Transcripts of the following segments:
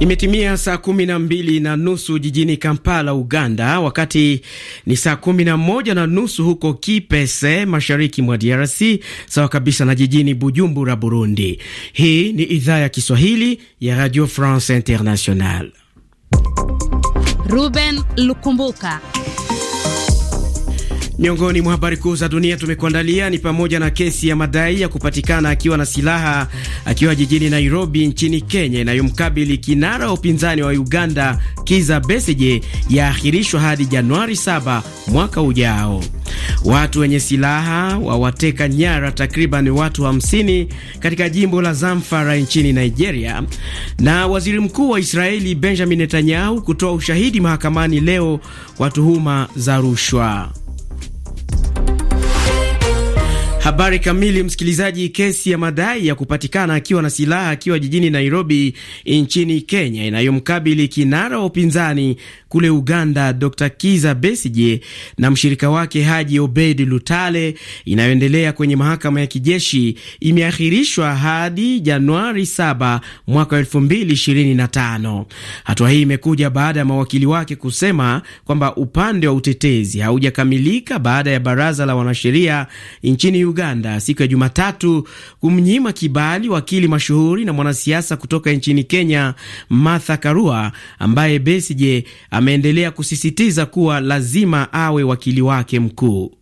Imetimia saa kumi na mbili na nusu jijini Kampala, Uganda, wakati ni saa kumi na moja na nusu huko Kipese, mashariki mwa DRC, sawa kabisa na jijini Bujumbura, Burundi. Hii ni idhaa ya Kiswahili ya Radio France International. Ruben Lukumbuka Miongoni mwa habari kuu za dunia tumekuandalia ni pamoja na kesi ya madai ya kupatikana akiwa na silaha akiwa jijini Nairobi nchini Kenya inayomkabili kinara wa upinzani wa Uganda Kiza beseje yaahirishwa hadi Januari 7 mwaka ujao. Watu wenye silaha wawateka nyara takriban watu 50 wa katika jimbo la Zamfara nchini Nigeria, na waziri mkuu wa Israeli Benjamin Netanyahu kutoa ushahidi mahakamani leo kwa tuhuma za rushwa. Habari kamili, msikilizaji. Kesi ya madai ya kupatikana akiwa na silaha akiwa jijini Nairobi nchini Kenya, inayomkabili kinara wa upinzani kule Uganda Dr Kiza Besije na mshirika wake Haji obed Lutale, inayoendelea kwenye mahakama ya kijeshi imeahirishwa hadi Januari 7 mwaka 2025. Hatua hii imekuja baada ya mawakili wake kusema kwamba upande wa utetezi haujakamilika baada ya baraza la wanasheria nchini Uganda Uganda siku ya Jumatatu kumnyima kibali wakili mashuhuri na mwanasiasa kutoka nchini Kenya Martha Karua, ambaye Besigye ameendelea kusisitiza kuwa lazima awe wakili wake mkuu.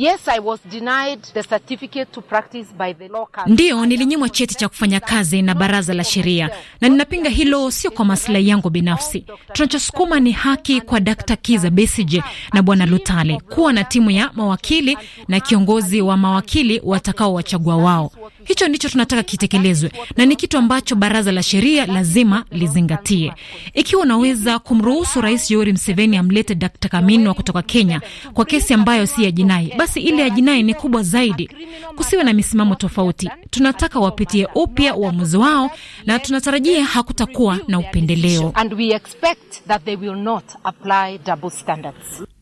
Yes, I was denied the certificate to practice by the Ndiyo, nilinyimwa cheti cha kufanya kazi na baraza la sheria, na ninapinga hilo, sio kwa maslahi yangu binafsi. Tunachosukuma ni haki kwa Dkt. Kiza Besije na Bwana Lutale kuwa na timu ya mawakili na kiongozi wa mawakili watakaowachagua wao. Hicho ndicho tunataka kitekelezwe, na ni kitu ambacho baraza la sheria lazima lizingatie. Ikiwa unaweza kumruhusu Rais Yoweri Museveni amlete Dkt. Kaminwa kutoka Kenya kwa kesi ambayo si ya jinai basi ile ya jinai ni kubwa zaidi. Kusiwe na misimamo tofauti, tunataka wapitie upya uamuzi wao, na tunatarajia hakutakuwa na upendeleo.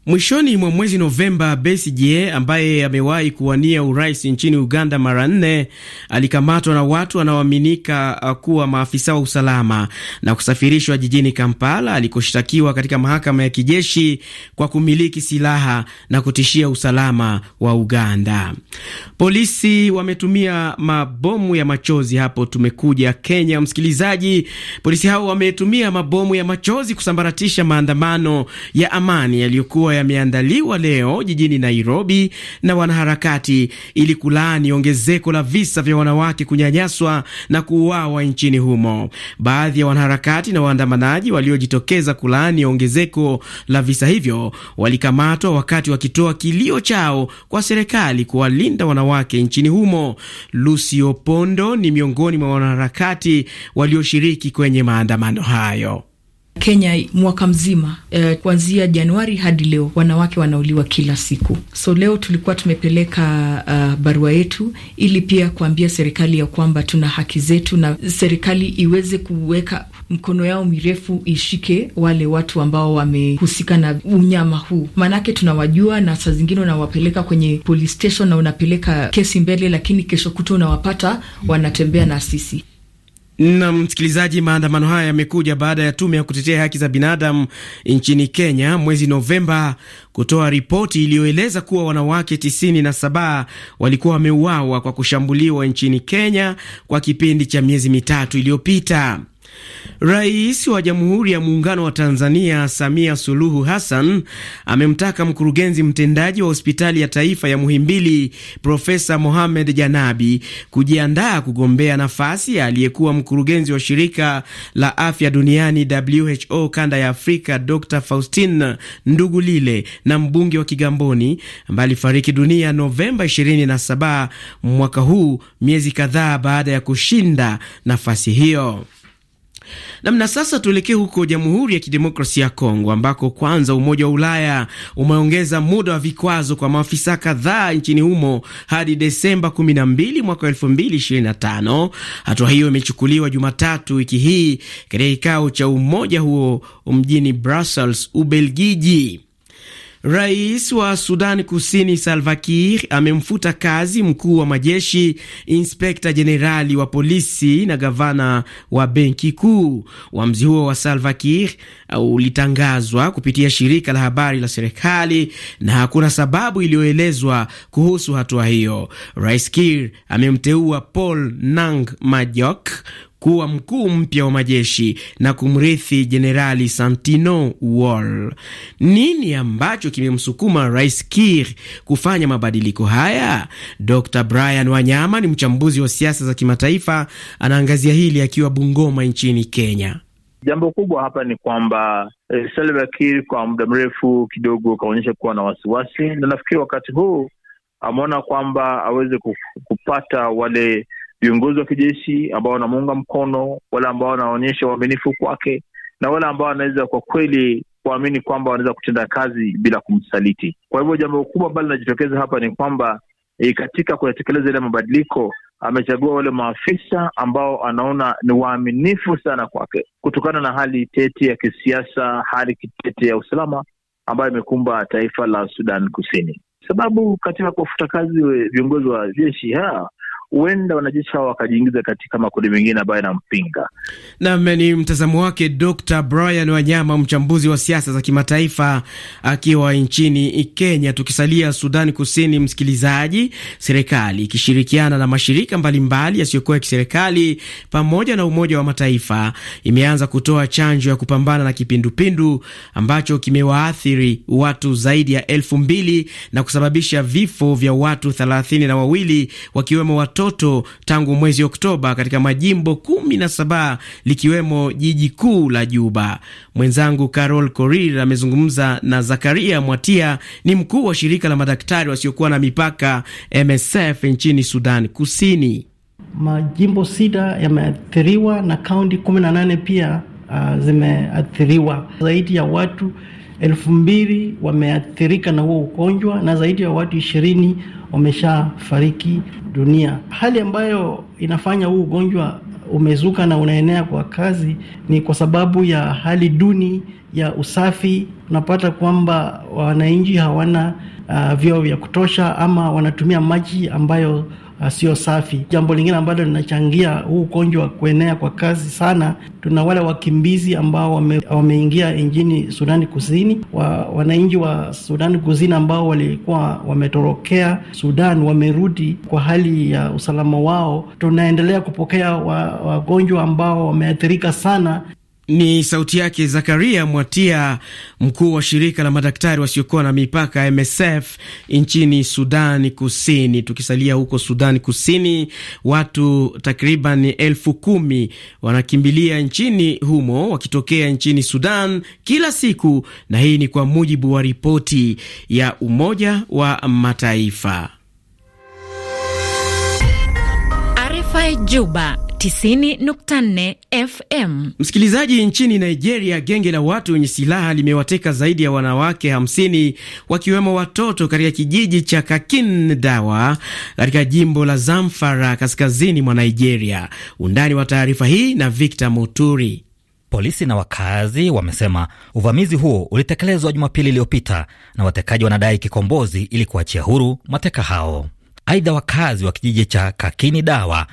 Mwishoni mwa mwezi Novemba, Besigye ambaye amewahi kuwania urais nchini Uganda mara nne alikamatwa na watu wanaoaminika uh, kuwa maafisa wa usalama na kusafirishwa jijini Kampala alikoshtakiwa katika mahakama ya kijeshi kwa kumiliki silaha na kutishia usalama wa Uganda. Polisi wametumia mabomu ya machozi hapo. Tumekuja Kenya, msikilizaji. Polisi hao wametumia mabomu ya machozi kusambaratisha maandamano ya amani yaliyokuwa yameandaliwa leo jijini Nairobi na wanaharakati ili kulaani ongezeko la visa vya wanawake kunyanyaswa na kuuawa nchini humo. Baadhi ya wanaharakati na waandamanaji waliojitokeza kulaani ongezeko la visa hivyo walikamatwa wakati wakitoa kilio chao kwa serikali kuwalinda wanawake nchini humo. Lucio Pondo ni miongoni mwa wanaharakati walioshiriki kwenye maandamano hayo. Kenya mwaka mzima eh, kuanzia Januari hadi leo wanawake wanauliwa kila siku. So leo tulikuwa tumepeleka uh, barua yetu ili pia kuambia serikali ya kwamba tuna haki zetu na serikali iweze kuweka mkono yao mirefu ishike wale watu ambao wamehusika na unyama huu, maanake tunawajua, na saa zingine unawapeleka kwenye police station na unapeleka kesi mbele, lakini kesho kuto unawapata wanatembea na sisi na msikilizaji, maandamano haya yamekuja baada ya tume ya kutetea haki za binadamu nchini Kenya mwezi Novemba kutoa ripoti iliyoeleza kuwa wanawake 97 walikuwa wameuawa kwa kushambuliwa nchini Kenya kwa kipindi cha miezi mitatu iliyopita. Rais wa Jamhuri ya Muungano wa Tanzania Samia Suluhu Hassan amemtaka mkurugenzi mtendaji wa Hospitali ya Taifa ya Muhimbili Profesa Mohamed Janabi kujiandaa kugombea nafasi ya aliyekuwa mkurugenzi wa Shirika la Afya Duniani WHO kanda ya Afrika Dr Faustin Ndugulile na mbunge wa Kigamboni ambaye alifariki dunia Novemba 27 mwaka huu, miezi kadhaa baada ya kushinda nafasi hiyo. Namna sasa, tuelekee huko Jamhuri ya Kidemokrasia ya Kongo ambako kwanza Umoja wa Ulaya umeongeza muda wa vikwazo kwa maafisa kadhaa nchini humo hadi Desemba 12 mwaka 2025. Hatua hiyo imechukuliwa Jumatatu wiki hii katika kikao cha umoja huo mjini Brussels, Ubelgiji. Rais wa Sudani Kusini Salva Kiir amemfuta kazi mkuu wa majeshi, inspekta jenerali wa polisi na gavana wa benki kuu. Uamuzi huo wa Salva Kiir uh, ulitangazwa kupitia shirika la habari la serikali na hakuna sababu iliyoelezwa kuhusu hatua hiyo. Rais Kiir amemteua Paul Nang Majok kuwa mkuu mpya wa majeshi na kumrithi Jenerali Santino Wall. Nini ambacho kimemsukuma Rais kir kufanya mabadiliko haya? Dr Brian Wanyama ni mchambuzi wa siasa za kimataifa, anaangazia hili akiwa Bungoma nchini Kenya. Jambo kubwa hapa ni kwamba eh, Salva Kiir kwa muda mrefu kidogo kaonyesha kuwa na wasiwasi, na nafikiri wakati huu ameona kwamba aweze kupata wale viongozi wa kijeshi ambao wanamuunga mkono, wale ambao wanaonyesha uaminifu kwake, na wale ambao wanaweza kwa kweli kuamini kwamba wanaweza kutenda kazi bila kumsaliti. Kwa hivyo jambo kubwa ambalo linajitokeza hapa ni kwamba e, katika kuyatekeleza ile mabadiliko amechagua wale maafisa ambao anaona ni waaminifu sana kwake, kutokana na hali tete ya kisiasa, hali kitete ya usalama ambayo imekumba taifa la Sudan Kusini. Sababu katika kuwafuta kazi viongozi wa jeshi haa huenda wanajeshi hawa wakajiingiza katika makundi mengine ambayo yanampinga. Nam ni mtazamo wake Dr Brian Wanyama, mchambuzi wa siasa za kimataifa akiwa nchini Kenya. Tukisalia Sudani Kusini, msikilizaji, serikali ikishirikiana na mashirika mbalimbali yasiyokuwa ya kiserikali pamoja na Umoja wa Mataifa imeanza kutoa chanjo ya kupambana na kipindupindu ambacho kimewaathiri watu zaidi ya elfu mbili na kusababisha vifo vya watu thelathini na wawili wakiwemo watu watoto tangu mwezi Oktoba katika majimbo kumi na saba likiwemo jiji kuu la Juba. Mwenzangu Carol Korir amezungumza na Zakaria Mwatia, ni mkuu wa shirika la madaktari wasiokuwa na mipaka MSF nchini Sudan Kusini. Majimbo sita yameathiriwa na kaunti kumi na nane pia uh, zimeathiriwa zaidi ya watu elfu mbili wameathirika na huo ugonjwa na zaidi ya watu ishirini wameshafariki dunia. Hali ambayo inafanya huu ugonjwa umezuka na unaenea kwa kazi ni kwa sababu ya hali duni ya usafi. Unapata kwamba wananchi hawana uh, vyoo vya kutosha ama wanatumia maji ambayo asiyo ah, safi. Jambo lingine ambalo linachangia huu ugonjwa kuenea kwa kasi sana, tuna wale wakimbizi ambao wame, wameingia nchini Sudani Kusini. Wa, wananchi wa Sudani Kusini ambao walikuwa wametorokea Sudan wamerudi kwa hali ya usalama wao. Tunaendelea kupokea wagonjwa wa ambao wameathirika sana. Ni sauti yake Zakaria Mwatia, mkuu wa shirika la madaktari wasiokuwa na mipaka MSF nchini Sudani Kusini. Tukisalia huko Sudani Kusini, watu takriban elfu kumi wanakimbilia nchini humo wakitokea nchini Sudan kila siku, na hii ni kwa mujibu wa ripoti ya Umoja wa Mataifa. RFI Juba 90.4 FM. Msikilizaji, nchini Nigeria, genge la watu wenye silaha limewateka zaidi ya wanawake 50 wakiwemo watoto katika kijiji cha Kakin Dawa katika jimbo la Zamfara kaskazini mwa Nigeria. Undani wa taarifa hii na Victor Muturi. Polisi na wakazi wamesema uvamizi huo ulitekelezwa Jumapili iliyopita na watekaji wanadai kikombozi ili kuachia huru mateka hao. Aidha, wakazi wa kijiji cha Kakini Dawa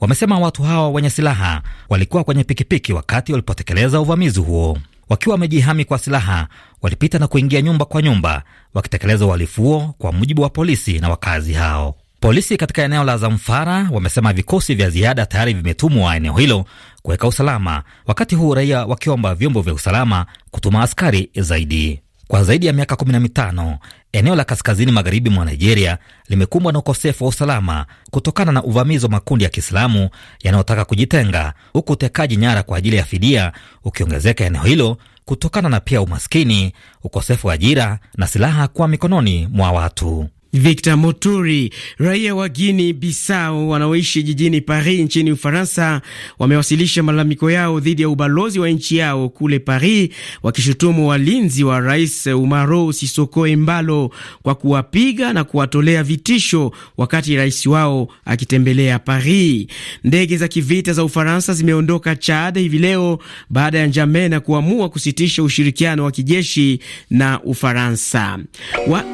wamesema watu hawa wenye silaha walikuwa kwenye pikipiki wakati walipotekeleza uvamizi huo. Wakiwa wamejihami kwa silaha, walipita na kuingia nyumba kwa nyumba wakitekeleza uhalifu huo, kwa mujibu wa polisi na wakazi hao. Polisi katika eneo la Zamfara wamesema vikosi vya ziada tayari vimetumwa eneo hilo kuweka usalama, wakati huu raia wakiomba vyombo vya usalama kutuma askari zaidi. Kwa zaidi ya miaka 15 eneo la kaskazini magharibi mwa Nigeria limekumbwa na ukosefu wa usalama kutokana na uvamizi wa makundi ya Kiislamu yanayotaka kujitenga, huku utekaji nyara kwa ajili ya fidia ukiongezeka eneo hilo kutokana na pia umaskini, ukosefu wa ajira na silaha kuwa mikononi mwa watu. Victor Moturi. Raia wa guini Bissau wanaoishi jijini Paris nchini Ufaransa wamewasilisha malalamiko yao dhidi ya ubalozi wa nchi yao kule Paris, wakishutumu walinzi wa rais Umaro Sisoko Embalo kwa kuwapiga na kuwatolea vitisho wakati rais wao akitembelea Paris. Ndege za kivita za Ufaransa zimeondoka Chad hivi leo baada ya Njamena kuamua kusitisha ushirikiano wa kijeshi na Ufaransa wa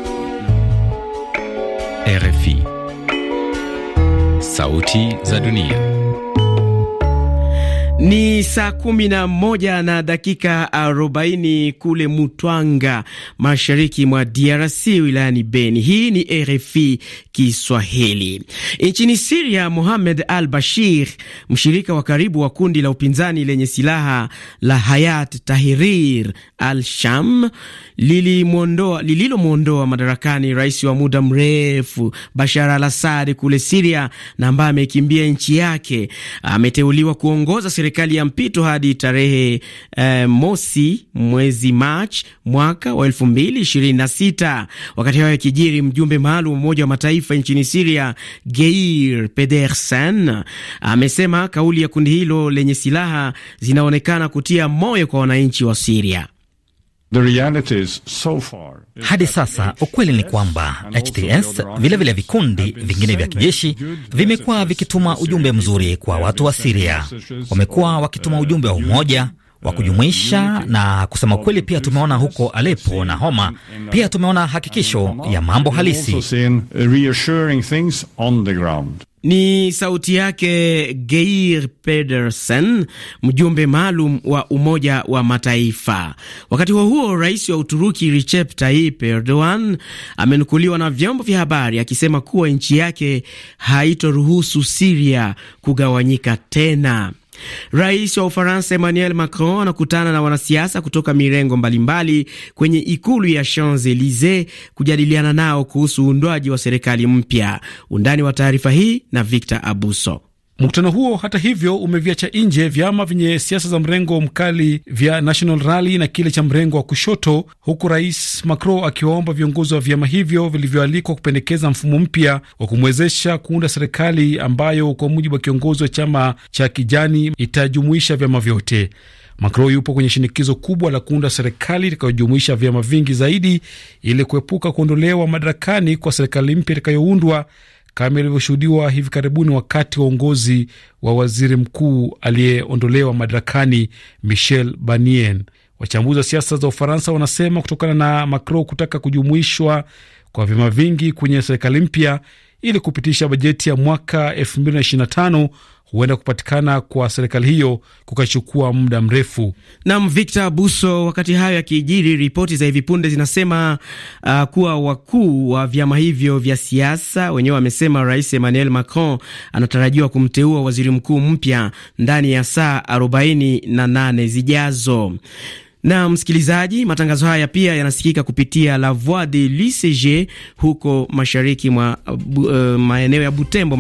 RFI. Sauti za Dunia. Ni saa kumi na moja na dakika arobaini kule Mutwanga, mashariki mwa DRC, wilayani Beni. Hii ni RFI Kiswahili. Nchini Siria, Mohamed al Bashir, mshirika wa karibu wa kundi la upinzani lenye silaha la Hayat Tahrir al Sham lililomwondoa madarakani rais wa muda mrefu Bashar al Assad kule Siria na ambaye amekimbia nchi yake, ameteuliwa kuongoza serikali ya mpito hadi tarehe eh, mosi mwezi Machi mwaka wa elfu mbili ishirini na sita. Wakati hayo yakijiri, mjumbe maalum wa Umoja wa Mataifa nchini Siria Geir Pedersen amesema kauli ya kundi hilo lenye silaha zinaonekana kutia moyo kwa wananchi wa Siria. So far, hadi sasa ukweli ni kwamba HTS vilevile vile vikundi vingine vya kijeshi vimekuwa vikituma ujumbe mzuri kwa watu wa Siria. Wamekuwa wakituma ujumbe wa umoja uh, wa kujumuisha, na kusema kweli, pia tumeona huko alepo na Homa, pia tumeona hakikisho ya mambo halisi. Ni sauti yake Geir Pedersen, mjumbe maalum wa Umoja wa Mataifa. Wakati huo huo, rais wa Uturuki Recep Tayyip Erdogan amenukuliwa na vyombo vya habari akisema kuwa nchi yake haitoruhusu Siria kugawanyika tena. Rais wa Ufaransa Emmanuel Macron anakutana na wanasiasa kutoka mirengo mbalimbali kwenye ikulu ya Champs Elysee kujadiliana nao kuhusu uundwaji wa serikali mpya. Undani wa taarifa hii na Victor Abuso. Mkutano huo hata hivyo umeviacha nje vyama vyenye siasa za mrengo mkali vya National Rally na kile cha mrengo wa kushoto, huku Rais Macron akiwaomba viongozi wa vyama hivyo vilivyoalikwa kupendekeza mfumo mpya wa kumwezesha kuunda serikali ambayo kwa mujibu wa kiongozi wa chama cha kijani itajumuisha vyama vyote. Macron yupo kwenye shinikizo kubwa la kuunda serikali itakayojumuisha vyama vingi zaidi ili kuepuka kuondolewa madarakani kwa serikali mpya itakayoundwa kama ilivyoshuhudiwa hivi karibuni wakati wa uongozi wa waziri mkuu aliyeondolewa madarakani Michel Barnier. Wachambuzi wa siasa za Ufaransa wanasema kutokana na Macron kutaka kujumuishwa kwa vyama vingi kwenye serikali mpya ili kupitisha bajeti ya mwaka 2025 huenda kupatikana kwa serikali hiyo kukachukua muda mrefu. Nam Victor buso Wakati hayo yakijiri, ripoti za hivi punde zinasema uh, kuwa wakuu wa vyama hivyo vya siasa wenyewe wamesema Rais Emmanuel Macron anatarajiwa kumteua waziri mkuu mpya ndani ya saa 48 zijazo. Na msikilizaji, matangazo haya pia yanasikika kupitia La Voix de l'UCG huko mashariki mwa uh, maeneo ya Butembo.